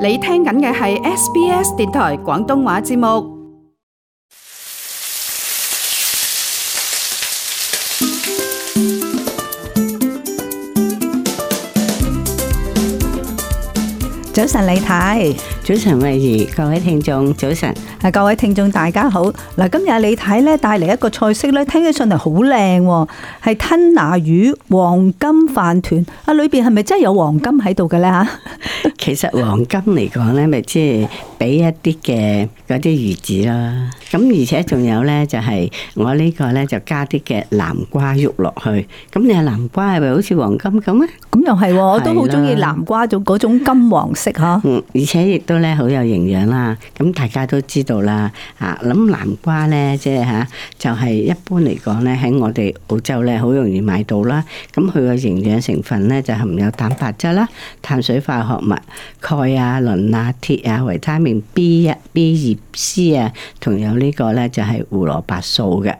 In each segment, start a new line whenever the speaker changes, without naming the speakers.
你聽緊嘅係 SBS 電台廣東話節目。早晨李太，早晨蕙而，各位聽眾早晨，啊各位聽眾大家好。嗱，今日李太咧帶嚟一個菜式咧，聽起上嚟好靚，係吞拿魚黃金飯糰。啊，裏邊係咪真係有黃金喺度嘅咧？吓？
其實黃金嚟講呢，咪即俾一啲嘅嗰啲魚子啦，咁而且仲有咧就係我呢個咧就加啲嘅南瓜肉落去，咁你話南瓜係咪好似黃金咁啊？
咁又係喎，我都好中意南瓜種嗰種金黃色嗬。嗯，
而且亦都咧好有營養啦。咁大家都知道啦，啊諗南瓜咧，即係吓，就係一般嚟講咧喺我哋澳洲咧好容易買到啦。咁佢個營養成分咧就含有蛋白質啦、碳水化合物、鈣啊、磷啊、鐵啊、維他命。1> B 一、B 二、C 啊，同有呢個呢，就係胡蘿蔔素嘅。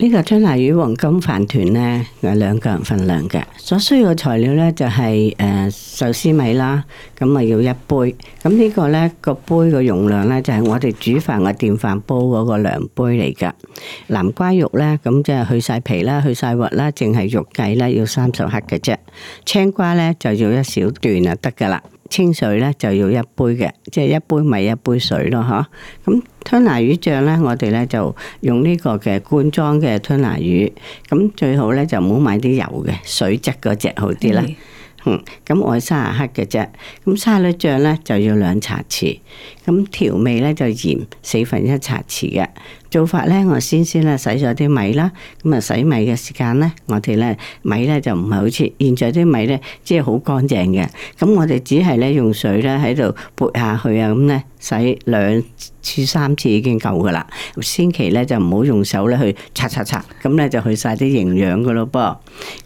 呢、這個吞拿魚黃金飯團呢，係兩個人份量嘅。所需要嘅材料呢，就係誒壽司米啦，咁啊要一杯。咁、這、呢個呢、這個杯嘅容量呢，就係、是、我哋煮飯嘅電飯煲嗰個量杯嚟噶。南瓜肉呢，咁即係去晒皮啦，去晒核啦，淨係肉計呢，要三十克嘅啫。青瓜呢，就要一小段就得噶啦。清水咧，就要一杯嘅，即係一杯咪一杯水咯，吓。咁吞拿魚醬咧，我哋咧就用呢個嘅罐裝嘅吞拿魚，咁最好咧就唔好買啲油嘅，水質嗰隻好啲啦。的嗯，咁我係卅克嘅啫，咁沙律醬咧就要兩茶匙，咁調味咧就鹽四分一茶匙嘅。做法咧，我先先咧洗咗啲米啦，咁、嗯、啊洗米嘅時間咧，我哋咧米咧就唔係好似現在啲米咧，即係好乾淨嘅。咁我哋只係咧用水咧喺度撥下去啊，咁咧洗兩次三次已經夠噶啦。千祈咧就唔好用手咧去刷刷刷，咁咧就去晒啲營養噶咯噃。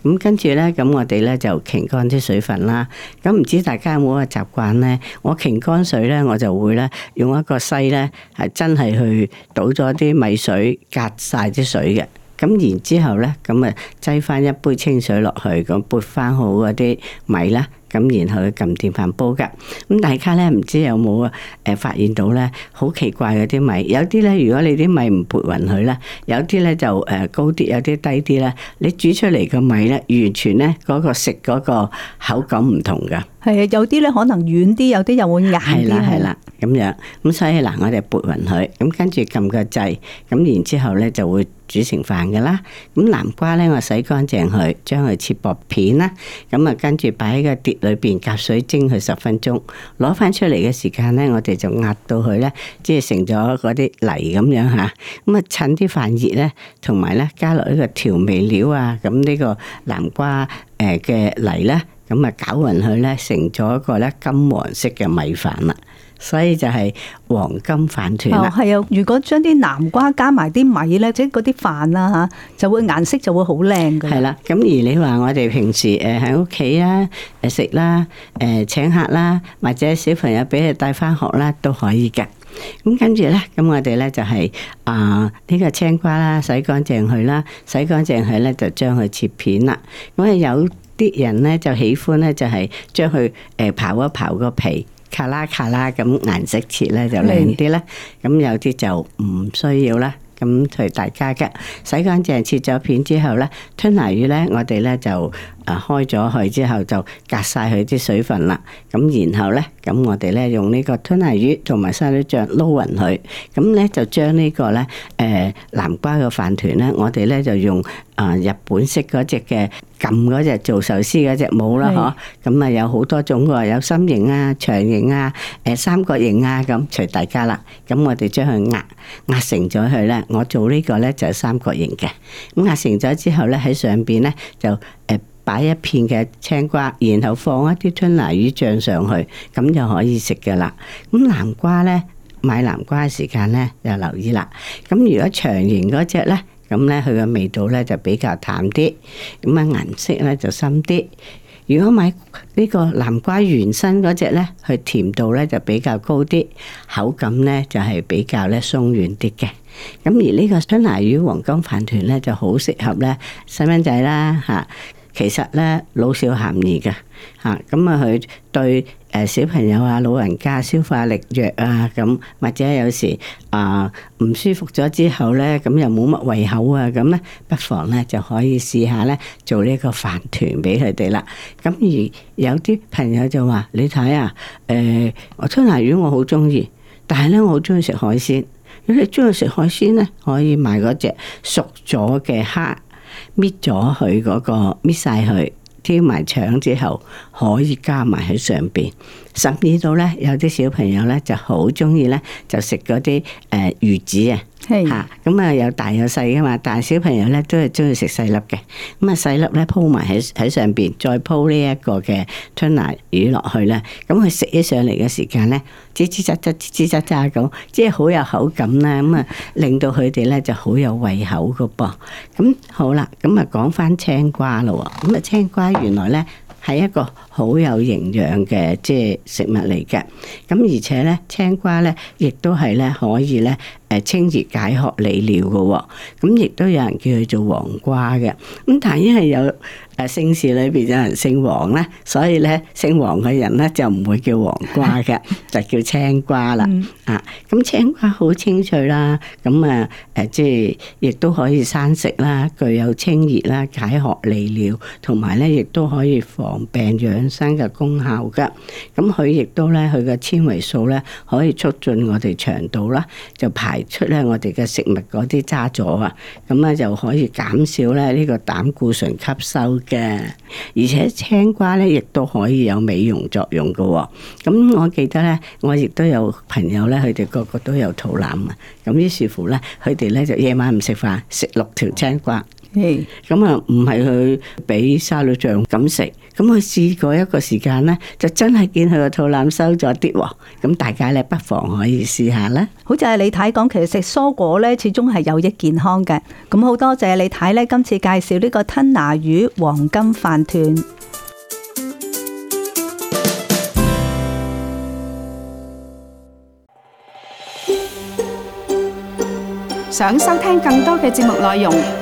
咁跟住咧，咁我哋咧就擎乾啲水分啦。咁唔知大家有冇個習慣咧？我擎乾水咧，我就會咧用一個篩咧，係真係去倒咗啲。米水隔晒啲水嘅，咁然之後咧，咁啊擠翻一杯清水落去，咁撥翻好嗰啲米啦，咁然後去撳電飯煲噶。咁大家咧，唔知有冇誒發現到咧，好奇怪嗰啲米，有啲咧如果你啲米唔撥勻佢咧，有啲咧就誒高啲，有啲低啲咧，你煮出嚟嘅米咧完全咧嗰個食嗰個口感唔同噶。
係啊，有啲咧可能軟啲，有啲又會硬啲。係啦，係啦，
咁樣咁所以嗱，我哋撥勻佢，咁跟住撳個掣，咁然之後咧就會煮成飯噶啦。咁南瓜咧，我洗乾淨佢，將佢切薄片啦。咁啊，跟住擺喺個碟裏邊，隔水蒸佢十分鐘。攞翻出嚟嘅時間咧，我哋就壓到佢咧，即係成咗嗰啲泥咁樣吓。咁啊，趁啲飯熱咧，同埋咧加落呢個調味料啊，咁呢個南瓜誒嘅泥咧。咁啊，攪勻佢咧，成咗一個咧金黃色嘅米飯啦，所以就係黃金飯糰啦。係
啊，如果將啲南瓜加埋啲米咧，即係嗰啲飯啦吓，就會顏色就會好靚嘅。係
啦，咁而你話我哋平時誒喺屋企啊，誒食啦，誒請客啦，或者小朋友俾佢帶翻學啦，都可以嘅。咁跟住咧，咁我哋咧就係啊呢個青瓜啦，洗乾淨佢啦，洗乾淨佢咧就將佢切片啦。我係有。啲人咧就喜歡咧，就係、是、將佢誒刨一刨個皮，卡啦卡啦咁顏色切咧就靚啲啦。咁的有啲就唔需要啦。咁隨大家嘅洗乾淨、切咗片之後咧，吞拿魚咧，我哋咧就啊開咗佢之後就隔晒佢啲水分啦。咁然後咧，咁我哋咧用呢個吞拿魚同埋沙律醬撈勻佢。咁咧就將呢個咧誒南瓜嘅飯糰咧，我哋咧就用。啊！日本式嗰隻嘅撳嗰隻做壽司嗰隻模啦，嗬，咁啊有好多種喎，有心形啊、長形啊、誒三角形啊，咁隨大家啦。咁我哋將佢壓壓成咗佢咧，我做呢個咧就係三角形嘅。咁壓成咗之後咧，喺上邊咧就誒擺一片嘅青瓜，然後放一啲吞拿魚醬上去，咁就可以食噶啦。咁南瓜咧，買南瓜嘅時間咧就留意啦。咁如果長形嗰隻咧。咁咧，佢嘅味道咧就比較淡啲，咁啊顏色咧就深啲。如果買呢個南瓜原身嗰隻咧，佢甜度咧就比較高啲，口感咧就係比較咧鬆軟啲嘅。咁而呢個吞拿魚黃金飯糰咧，就好適合咧細蚊仔啦嚇。其實咧老少咸宜嘅嚇，咁啊佢對誒小朋友啊、老人家消化力弱啊咁，或者有時啊唔舒服咗之後咧，咁又冇乜胃口啊咁咧，不妨咧就可以試下咧做呢個飯糰俾佢哋啦。咁、啊、而有啲朋友就話：你睇啊，誒、呃、我吞拿魚我好中意，但係咧我好中意食海鮮。如果你中意食海鮮咧，可以買嗰隻熟咗嘅蝦。搣咗佢嗰個，搣曬佢，挑埋腸之後可以加埋喺上面。十二到咧，有啲小朋友咧就好鍾意咧，就食嗰啲魚子吓，咁啊有大有細噶嘛，但係小朋友咧都係中意食細粒嘅，咁啊細粒咧鋪埋喺喺上邊，再鋪呢一個嘅吞拿魚落去啦，咁佢食起上嚟嘅時間咧，吱吱喳喳、吱吱喳喳咁，即係好有口感啦，咁啊令到佢哋咧就好有胃口噶噃。咁好啦，咁啊講翻青瓜咯。咁啊青瓜原來咧係一個好有營養嘅即係食物嚟嘅，咁而且咧青瓜咧亦都係咧可以咧。清熱解渴利尿嘅，哦，咁亦都有人叫佢做黃瓜嘅。咁但係因為有誒，啊、姓氏裏邊有人姓黃咧，所以咧姓黃嘅人咧就唔會叫黃瓜嘅， 就叫青瓜啦。嗯、啊，咁青瓜好清脆啦，咁啊誒，即係亦都可以生食啦，具有清熱啦、解渴利尿，同埋咧亦都可以防病養生嘅功效嘅。咁佢亦都咧，佢嘅纖維素咧可以促進我哋腸道啦，就排。出咧我哋嘅食物嗰啲渣咗啊，咁咧就可以減少咧呢個膽固醇吸收嘅，而且青瓜咧亦都可以有美容作用㗎喎。咁我記得咧，我亦都有朋友咧，佢哋個個都有肚腩啊。咁於是乎咧，佢哋咧就夜晚唔食飯，食六條青瓜。咁啊，唔係佢俾沙律醬咁食，咁佢試過一個時間咧，就真係見佢個肚腩收咗啲喎。咁大家咧不妨可以試下啦。
好在李太講，其實食蔬果咧始終係有益健康嘅。咁好多謝李太咧，今次介紹呢個吞拿魚黃金飯團。想收聽更多嘅節目內容。